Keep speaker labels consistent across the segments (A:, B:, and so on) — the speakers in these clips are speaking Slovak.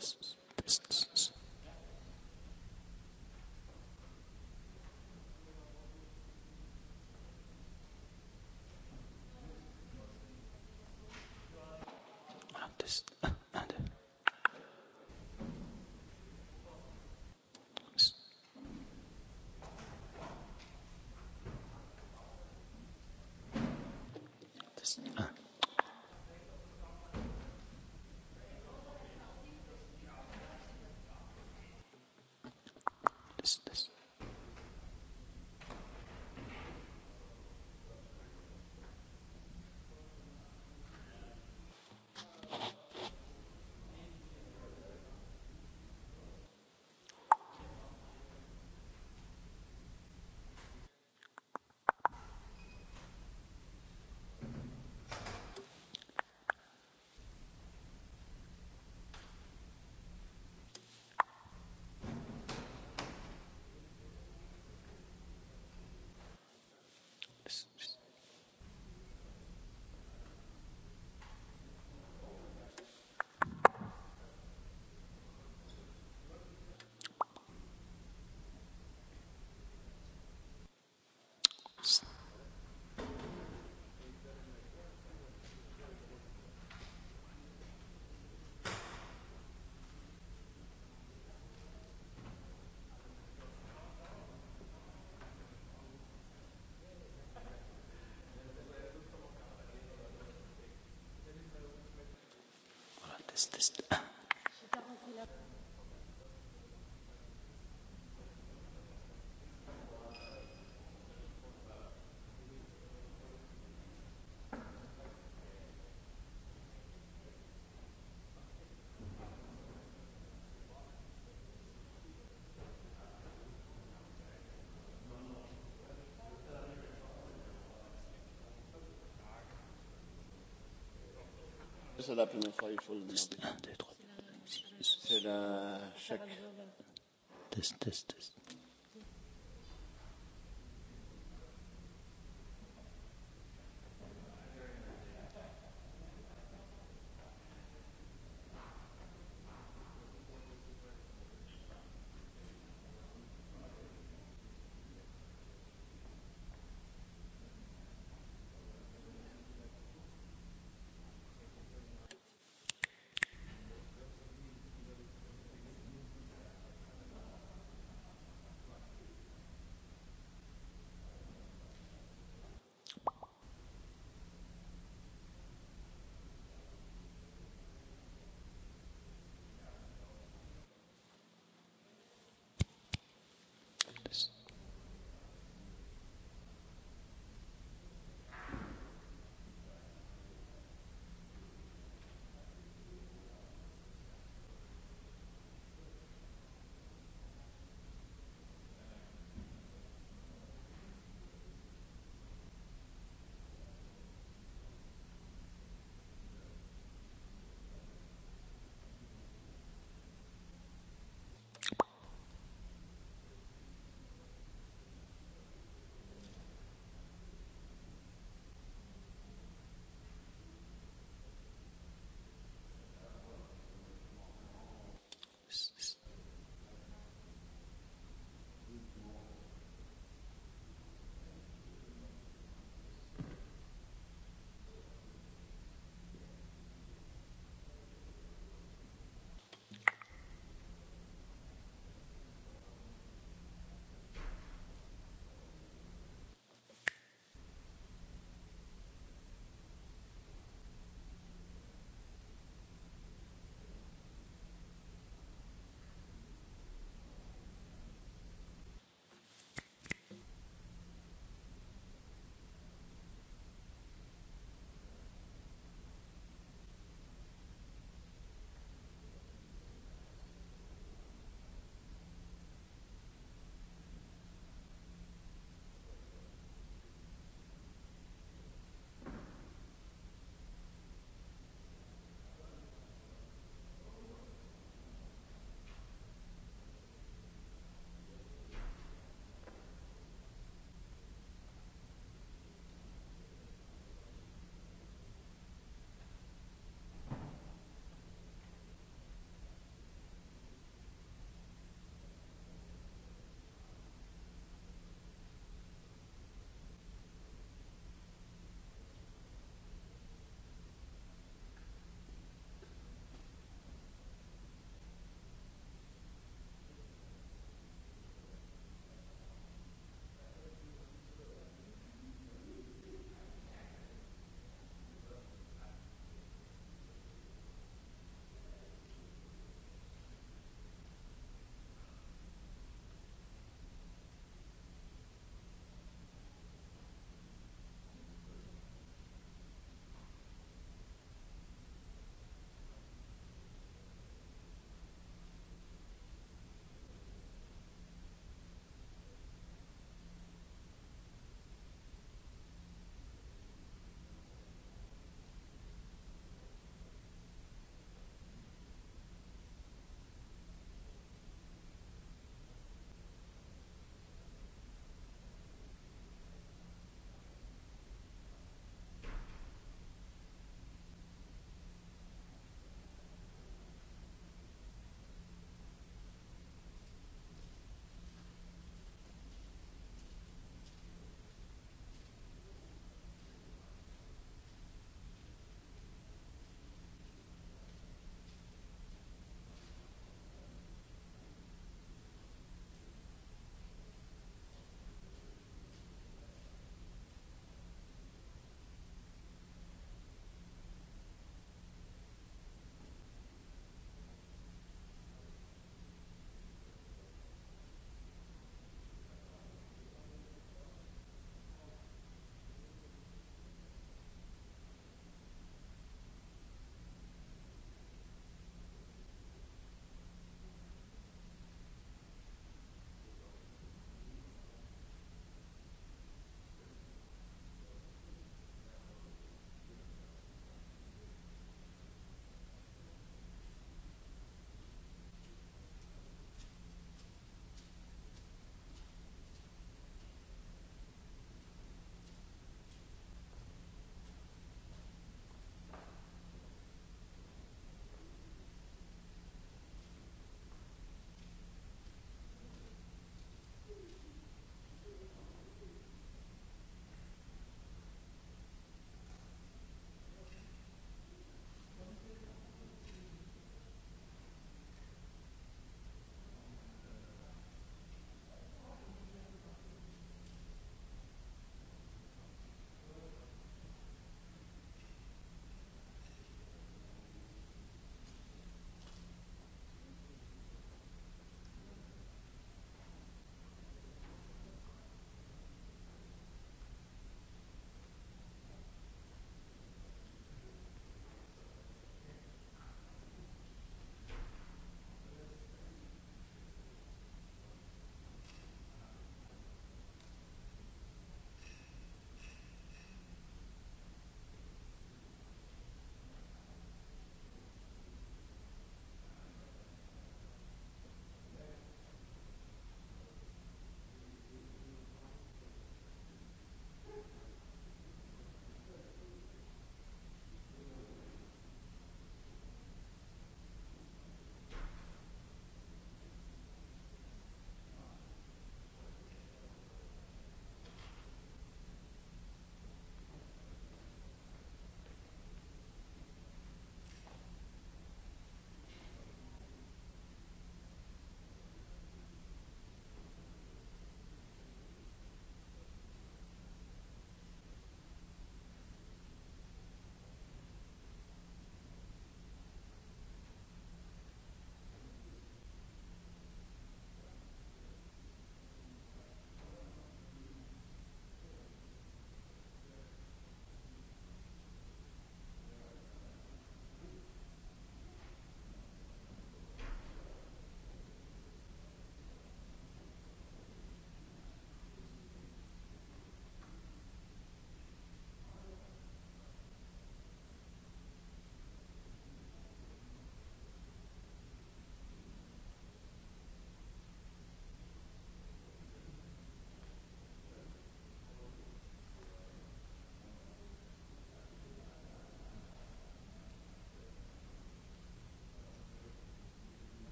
A: purposes. righteousness justice C'est la première fois, il faut le demander. C'est la chèque. Test, test, test.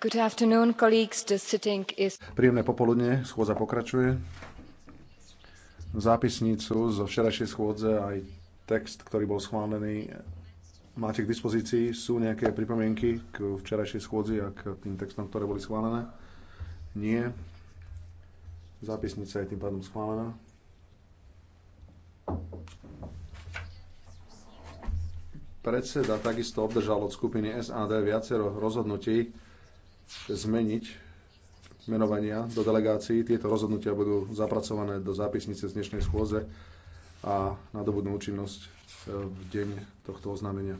A: Is...
B: Príjemné popoludne, schôdza pokračuje. Zápisnicu zo včerajšej schôdze aj text, ktorý bol schválený, máte k dispozícii. Sú nejaké pripomienky k včerajšej schôdzi a k tým textom, ktoré boli schválené? Nie. Zápisnica je tým pádom schválená. Predseda takisto obdržal od skupiny SAD viacero rozhodnutí, zmeniť menovania do delegácií. Tieto rozhodnutia budú zapracované do zápisnice z dnešnej schôze a nadobudnú účinnosť eh, v deň tohto oznámenia.